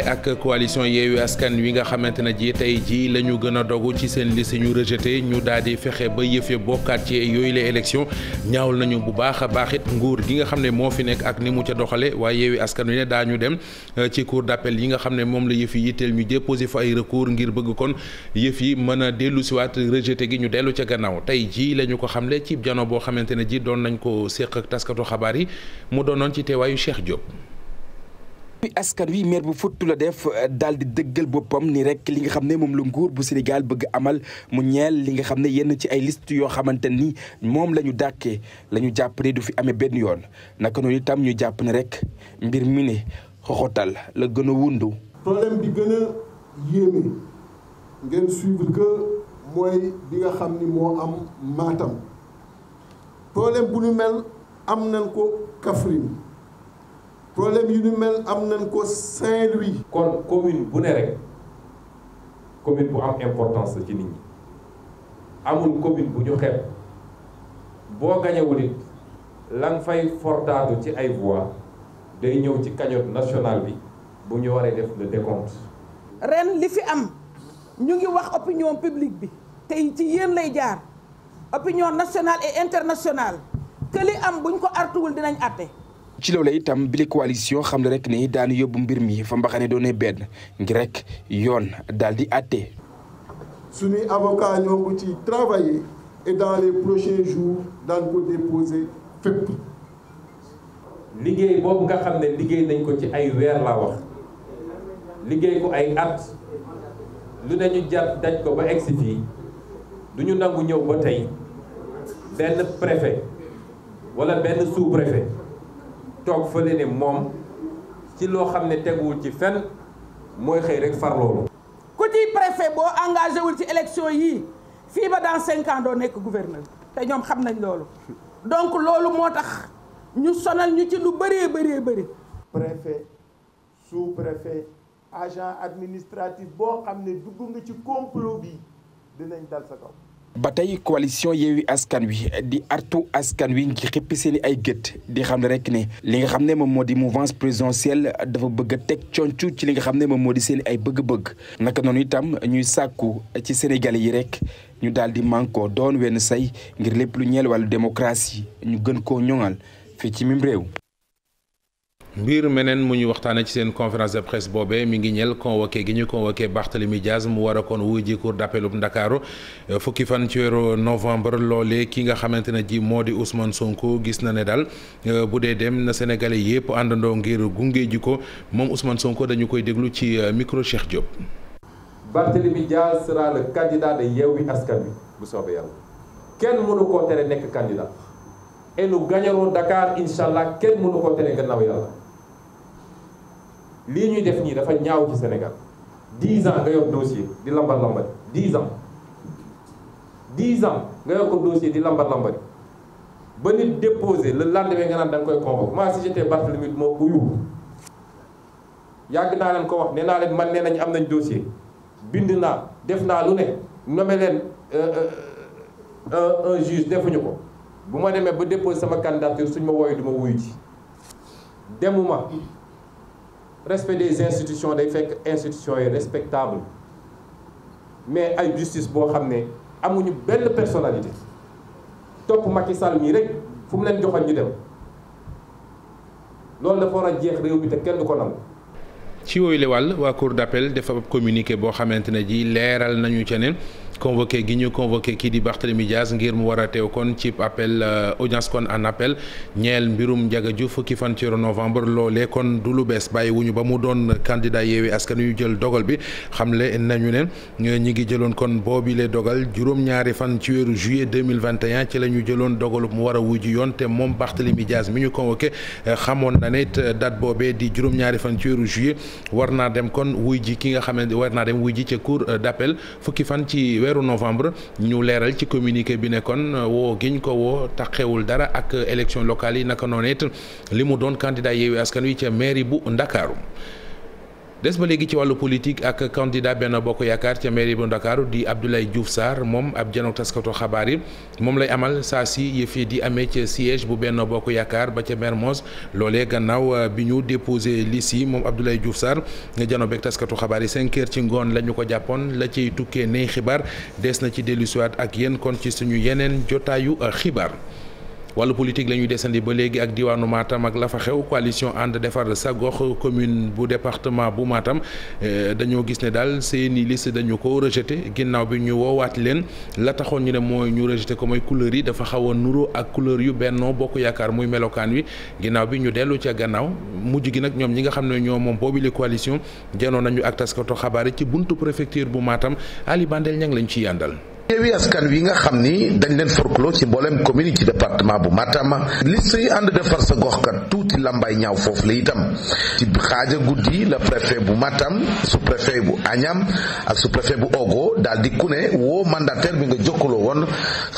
Waare ak coalition Yewwi Askan Wi nga xamante ne ji tey jii la ñu gën a dogu ci seen liste ñu rejeté ñu daal di fexe ba yëfe bokkaat ci yooyu la élection ñaawul nañu bu baax a baax it nguur gi nga xam ne moo fi nekk ak ni mu ca doxale waaye Askan Wi ne daañu dem euh, ci cour d'appel yi nga xam ne moom la yëf yi teel ñu déposé fa ay recours ngir bëgg kon yëf yi mën a dellu siwaat rejeté gi ñu dellu ca gannaaw tey jii la ñu ko xamle ci jano boo xamante ne ji doon nañ ko séq ak taskatu xabaar yi mu doonoon ci teewaayu Cheikh Diop askan wi maire bu Fouta la def euh, daal di dëggal boppam ni rek li nga xam ne moom la nguur bu Sénégal bëgg amal mu ñeel li nga xam ne yenn ci ay liste yoo xamante ni moom lañu ñu lañu la jàpp ne du fi amee benn yoon naka noonu itam ñu jàpp ne rek mbir mi ne xoxotal la gën a wundu. problème bi gën a yéeme ngeen suivre que mooy bi nga xam ni moo am Matam problème bu ñu mel am nañ ko Kaffrine. problème yu ñu mel am nañ ko Saint-Louis. kon commune bu ne rek commune bu am importance la ci nit ñi amul commune bu ñu xeeb boo gañewul it la fay fortaatu ci ay voix day ñëw ci cagnotte nationale bi bu ñu waree def le décompte. ren li fi am ñu ngi wax opinion publique bi tey ci yéen lay jaar opinion nationale et internationale que am buñ ko artuwul dinañ àtte. ci loolu itam bile yoo xam ne rek ni daanu yóbbu mbir mi fa mbaxane doone benn ngir rek yoon daal di àtte suñuy avocat ñoo ngi ci travailler et dans les daan ko déposer fépp liggéey boobu nga xam ne liggéey nañ ko ci ay weer laa wax liggéey ko ay at lu nañu jar daj ko ba egsi fii du ñu nangu ñëw ba tey benn préfet wala benn sous-préfet toog fa ne moom ci loo xam ne teguwul ci fenn mooy xëy rek far loolu ku ci préfet boo engagé wul ci élection yii fii ba dans cinq ans doo nekk gouverneur te ñoom xam nañ loolu donc loolu moo tax ñu sonal ñu ci lu bëree bëree bëri préfet sous-préfet agent administratif boo xam ne dugg nga ci complot bi dinañ dal sa kaw ba tey coalition Yewwi Askan Wi di artu askan wi ngi xippi seen i ay gët di xam ne rek ne li nga xam ne moom moo di mouvance présidentielle dafa bëgg teg concu ci li nga xam ne moom moo di seeni ay bëgg-bëgg naka noonu itam ñuy sàkku ci Sénégalais yi rek ñu daal di mànkoo doon wenn say ngir lépp lu ñeel wàllu démocratie ñu gën koo ñoŋal fii ci mim réew mbir meneen mu ñu waxtaane ci seen conférence de presse boobee mi ngi ñel convoqué gi ñu convoqué Barthélemy Diaz mu war kon wuy ji cour d'appelub Ndakaaru euh, fukki fan ci weeru novembre loolee ki nga xamante ne ji moo di Ousmane Sonko gis na ne daal euh, bu dee dem na Sénégalais yëpp àndandoo ngir gunge ji ko moom Ousmane Sonko dañu koy déglu ci euh, micro Cheikh Diop. Barthélemy Diaz sera le candidat de Yewwi Askan Wi bu soobee yàlla kenn mënu koo tere nekk candidat et nous lii ñuy def nii dafa ñaaw ci Sénégal dix ans nga yor dossier di lambar lambari dix ans dix ans nga yor ko dossier di lambar lambari ba nit déposé le lendemain nga naan da koy convoqué moi si j'étais Barthélemy moo uyu yàgg naa leen ko wax nee naa leen man nee nañu am nañ dossier bind naa def naa lu ne nommé leen euh, euh, euh, un juge defuñu ko bu ma demee ba déposé sama candidature suñ ma wooyu du ma wuyu ci demuma respect des institutions day fekk institutions yi respectable mais ay justice boo xam ne amuñu benn personnalité topp Macky Sall mii rek fu mu leen joxoon ñu dem loolu dafa war a jeex réew bi te kenn ko nangu. ci wooyu le wàll waa cour d'appel dafa communiqué boo xamante ne ji leeral nañu ca convoqué gi ñu convoqué kii di Barthélémy Diaz ngir mu war a teew kon ci appel euh, audience kon en appel ñeel mbirum Ndiaga ju fukki fan ci novembre loolee kon du lu bees bàyyi wuñu ba mu doon candidat Yewwi Askan Wi jël dogal bi xamle nañu ne euh, ñi ngi jëloon kon boobile dogal juróom-ñaari fan ci weeru juillet 2021 ci la ñu jëloon dogalu mu war a wujju yoon te moom Barthélémy Diaz mi ñu convoqué euh, xamoon na ne date boobee di juróom-ñaari fan ci weeru war naa dem kon wuy ji ki nga xam war naa dem wuy ji ca cour weeru novembre ñu leeral ci communiquer bi nekkoon euh, woo giñ ko woo taxewul dara ak euh, élection locale yi naka noonu li mu doon candidat Yewwi Askan Wi ca mairie bu Ndakaaru des ba léegi ci wàllu politique ak candidat benn bokk yaakaar ca mairie bu Ndakaaru di Abdoulaye Diouf Sarr moom ab janook taskatu xabaar yi moom lay amal saa si yëfi di amee ca siège bu benn bokk yaakaar ba ca mermos loolee gannaaw euh, bi ñu déposé liste yi moom Abdoulaye Diouf Sarr nga jano beeg taskatu xabaar yi cinq heures ci ngoon la ñu ko jàppoon la ciy tukkee ney xibaar des na ci dellusiwaat ak yéen kon ci suñu yeneen jotaayu euh, xibaar wàllu politique la ñuy desandi ba léegi ak diwaanu Matam ak la fa xew coalition ànd defar sa gox commune bu département bu Matam eh, dañoo gis ne daal seeni liste dañu ko rejeté ginnaaw bi ñu woowaat leen la taxoon ñu ne mooy ñu rejeté ko mooy couleur yi dafa xaw a nuroo ak couleur yu Benno Bokk Yaakaar muy melokaan wi ginnaaw bi ñu dellu ca gannaaw mujj gi nag ñoom ñi nga xam ne ñoo moom boobile coalition jenoon nañu ak taskato xabaar yi ci buntu préfecture bu Matam Ali Bandel lañ ciy yàndal Yewwi Askan Wi nga xam ni dañ leen forclos ci mbooleem commune yi département bu Matam liste yi ànd defar sa gox kat tuuti lambay ñaaw foofu la itam ci xaaja guddi la préfet bu Matam su préfet bu añam ak su préfet bu Ogo dal di ku ne woo mandataire bi nga jokkaloo woon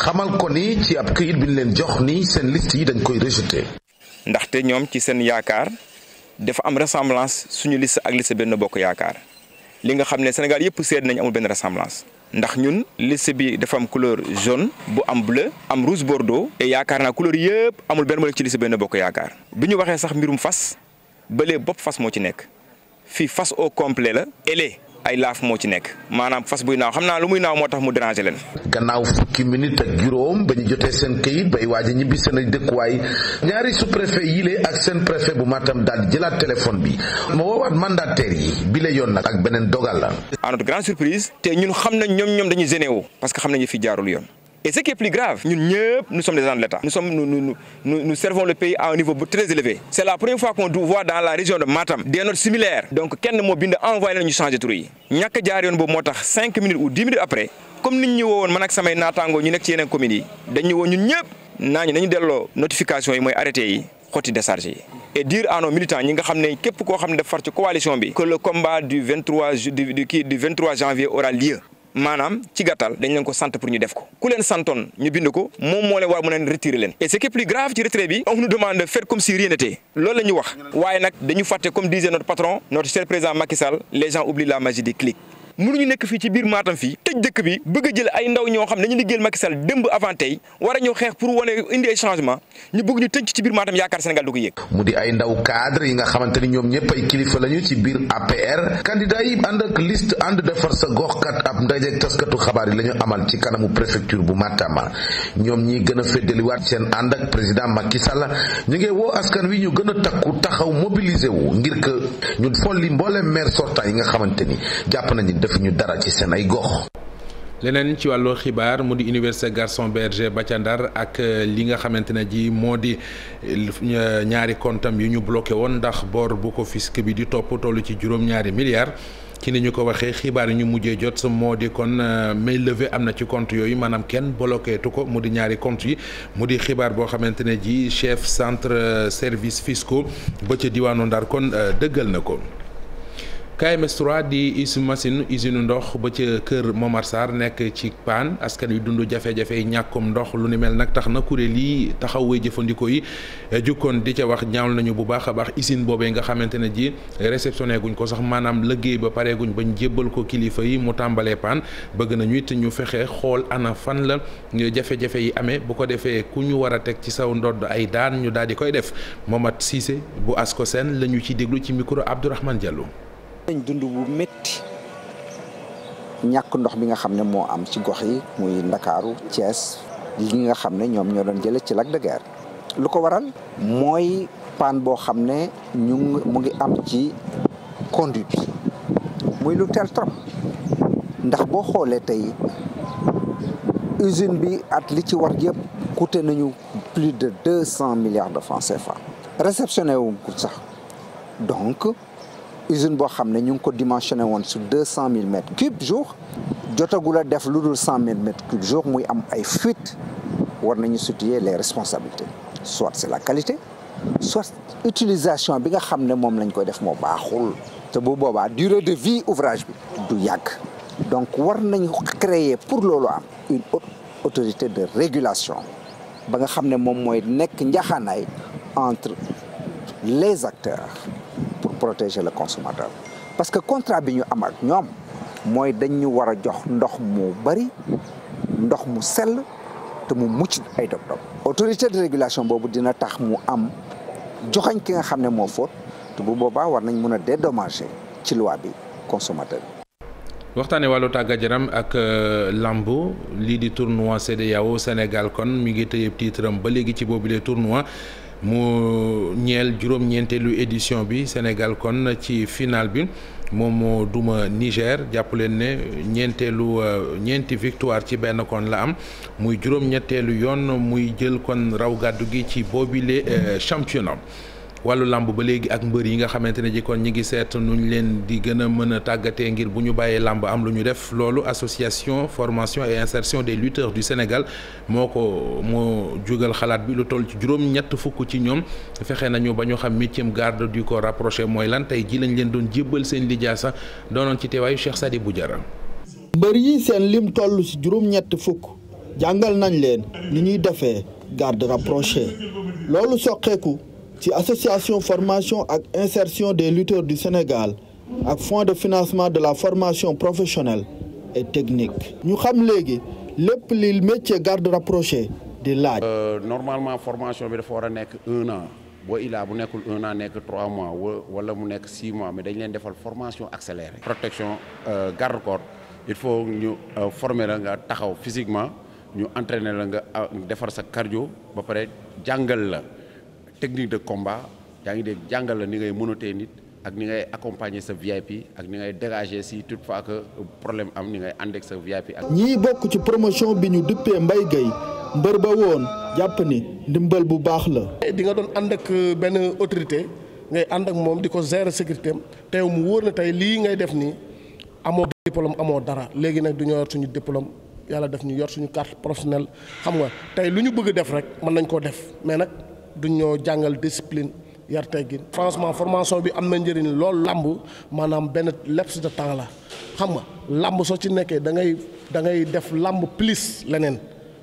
xamal ko ni ci ab këyit bi ñu leen jox ni seen list yi dañ koy rejeté. ndaxte ñoom ci seen yaakaar dafa am ressemblance suñu list ak liste benn bokk yaakaar li nga xam ne Sénégal yëpp seet nañ amul benn ressemblance. ndax ñun liste bi dafa am couleur jaune bu am bleu am rouge bordeaux et yaakaar naa couleur yëpp amul benn bële ci liste benn bokk yaakaar bi ñu waxee sax mbirum fas bële bopp fas moo ci nekk fii fas o complet la ele ay laaf moo ci nekk maanaam fas buy naaw xam naa lu muy naaw moo tax mu déranger leen. gannaaw fukki minute ak juróom ba ñu jotee seen këyit bay waaj a ñibbi seen dëkkuwaay ñaari sous préfet yile ak seen préfet bu Matam daal jëlaat téléphone bi ma woowaat mandataire yi bi la yoon nag ak beneen dogal la. à notre grande surprise te ñun xam nañ ñoom ñoom dañuy génne woo parce que xam nañu fi jaarul yoon. Et ce qui est plus grave, nous, nous sommes des gens de l'État. Nous, sommes, nous, nous, nous, nous, servons le pays à un niveau très élevé. C'est la première fois qu'on voit dans la région de Matam des notes similaires. Donc, quelqu'un m'a envoyé nous changer de truc. Il y a 5 minutes ou 10 minutes après, comme nous avons dit, je suis natango, nous sommes commune. Nous avons dit, nous avons des notifications, nous arrêté, nous déchargé. Et dire à nos militants, nous savons que nous avons fait la coalition, que maanaam ci gàttal dañ leen ko sant pour ñu def ko ku leen santoon ñu bind ko moom moo leen war mën a retirer leen et ce qui est plus grave comme si rien n'était loolu ñu wax waaye nag dañu fàtte comme disait notre patron notre cher président Macky Sall la magie des clics ñu nekk fii ci biir maatam fii tëj dëkk bi bëgg a jël ay ndaw ñoo xam ne dañu liggéeyal Macky Sall démb avant tey war a ñëw xeex pour wane indi ay changement ñu bëgg ñu tënk ci biir Matam yaakaar Sénégal du ko yëg. mu di ay ndaw cadre yi nga xamante ni ñoom ñëpp ay kilifa lañu ci biir APR candidat yi ànd ak liste ànd defar sa gox kat ab ndaje taskatu xabaar yi lañu amal ci kanamu préfecture bu Matam ñoom ñi gën a féddaliwaat seen ànd ak président Macky Sall ñu ngi woo askan wi ñu gën a takku taxaw mobiliser wu ngir que ñu folli mboolem maire yi nga xamante ni jàpp nañu def ñu dara ci seen ay gox. leneen ci wàllu xibaar mu di université Gaston Berger ba ca Ndar ak euh, li nga xamante ne ji moo di euh, ñaari kontam yu ñu bloqué woon ndax bor bu ko fisc bi di topp toll ci juróom-ñaari milliards ci ni ñu ko waxee xibaar yi ñu mujjee jot sa moo di kon euh, may levé am na ci compte yooyu maanaam kenn bloqué tu ko mu di ñaari compte yi mu di xibaar boo xamante ne ji chef centre service fiscaux ba ca diwaanu Ndar kon dëggal na ko. KMS 3 di is machine usine ndox ba ca kër Momar Sarr nekk ci paan askan wi dundu jafe-jafe ñàkkum ndox lu ni mel nag tax na kuréel yi taxawee jëfandikoo yi jukkoon di ca wax ñaawlu nañu bu baax a baax usine boobee nga xamante ne ji réceptionné guñ ko sax maanaam liggéey ba pareeguñ bañ jébbal ko kilifa yi mu tàmbalee paan bëgg nañu it ñu fexe xool ana fan la jafe-jafe yi amee bu ko defee ku ñu war a teg ci saw ndodd ay daan ñu daal di koy def Momat Cissé bu asko seen la ñu ci déglu ci micro Abdourahmane Diallo dañ dund bu métti ñàkk ndox bi nga xam ne moo am ci gox yi muy Ndakaaru Thiès yi nga xam ne ñoom ñoo doon jële ci lac de Guiers lu ko waral mooy paan boo xam ne ñu mu ngi am ci conduite bi muy lu teel trop ndax boo xoolee tey usine bi at li ci war yëpp coûté nañu plus de deux cent milliards de francs CFA réceptionné wu ko sax donc usine boo xam ne ñu ngi ko dimensionné woon sur deux cent mille mètres cubes jour jotagul a def lu dul cent mille mètres cubes jour muy am ay fuites war nañu situer les responsabilités soit c'est la qualité soit utilisation bi nga xam ne moom lañ koy def moo baaxul te bu boobaa durée de vie ouvrage bi du yàgg donc war nañu créer pour loolu am une autorité de régulation ba nga xam ne moom mooy nekk njaxaanaay entre les acteurs protéger le consommateur parce que contrat bi ñu am ak ñoom mooy dañ ñu war a jox ndox mu bari ndox mu sell te mu mucc ay dog-dog autorité de régulation boobu dina tax mu am joxañ ki nga xam ne moo fóot te bu boobaa war nañ mun a dédommager ci loi bi consommateur bi waxtaanee wàllu tàggat yaram ak euh, lamb lii di tournoi CEDEAO Sénégal kon mi ngi tëyeeb tiitram ba léegi ci boobule tournoi mu ñeel juróom-ñeenteelu édition bi Sénégal kon ci final bi moom moo duma Niger jàpp leen ne ñeenteelu euh, ñeenti victoire ci benn kon la am muy juróom-ñetteelu yoon muy jël kon raw gàddu gi ci boobile euh, championnat. wàllu làmb ba léegi ak mbër yi nga xamante ne ji kon ñi ngi seet nu nuñ leen di gën a mën a tàggatee ngir bu ñu bàyyee làmb am lu ñu def loolu association formation et insertion des lutteurs du Sénégal moo ko moo jugal xalaat bi lu toll ci juróom-ñett fukk ci ñoom fexe nañu ba ñu xam huitième garde du corps rapproché mooy lan tey ji lañ leen doon jébbal seen lijaasa doonoon ci teewaayu Cheikh Sadibou Diarra. mbër yi seen lim toll ci juróom-ñett fukk jàngal nañ leen ni ñuy defee garde rapproché ci association formation ak insertion des lutteurs du Sénégal ak fonds de financement de la formation professionnelle et technique. ñu xam léegi lépp li métier garde rapproché di laaj. Euh, normalement formation bi dafa war a nekk un an boo ilaa bu nekkul un an nekk trois mois wala mu nekk six mois mais dañu leen defal formation accélérée. protection euh, garde corps il faut ñu euh, former la nga taxaw physiquement ñu entraîner la nga defar sa cardio ba pare jàngal la. technique de combat yaa ngi dégg jàngal la ni ngay mënatee nit ak ni ngay accompagner sa VIP ak ni ngay dégager si toutefois que problème am ni ngay ànd ak sa VIP ak. ñii bokk ci promotion bi ñu duppee mbay Gueye mbër ba woon jàpp ni ndimbal bu baax la. Eh, di nga doon ànd ak euh, benn autorité ngay ànd ak moom di ko gérer sécurité am te mu wóor na tey lii ngay def nii amoo diplôme amoo dara léegi nag du ñu yor suñu diplôme yàlla def ñu yor suñu carte professionnelle xam nga tey lu ñu bëgg def rek mën nañ koo def mais nag. duñ ñoo jàngal discipline yar teggin franchement formation bi am na njëriñ loolu làmb maanaam benn laps de temps la xam nga làmb soo ci nekkee da ngay da ngay def làmb plus leneen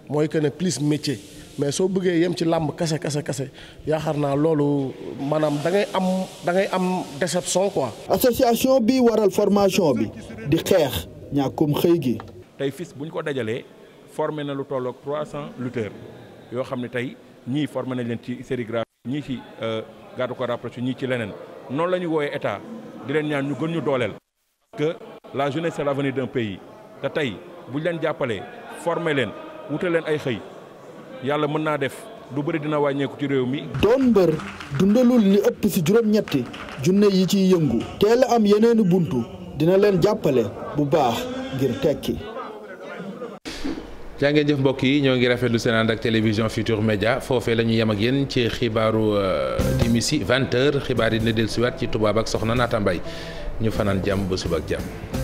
mooy que ne plus métier mais soo bëggee yem ci làmb kase kase kase yaakaar naa loolu maanaam da ngay am da ngay am déception quoi. association bi waral formation bi di xeex ñàkkum xëy gi. tey FILS bu ko dajalee formé na lu tolloog 300 lutteurs yoo xam ne tey. ñii formé nañ leen ci sérigraphie ñii ci euh, garde corps rapproché ñii ci leneen noonu la ñu wooyee état di leen ñaan ñu gën ñu dooleel que la jeunesse c'est l'avenir d'un pays te tey buñ leen jàppalee formé leen wute leen ay xëy yàlla mën naa def du bëri dina wàññeeku ci réew mi. doon mbër dundalul li ëpp ci juróom-ñetti junne yi ciy yëngu teel a am yeneeni buntu dina leen jàppale bu baax ngir tekki. jaa jëf mbokk yi ñoo ngi rafetlu seen ànd ak télévision Futur Média foofee la ñu yem ak yéen ci xibaaru euh, dimisi 20h xibaar yi dina dellusiwaat ci tubaab ak soxna Naata ñu fanaan jàmm ba suba ak jam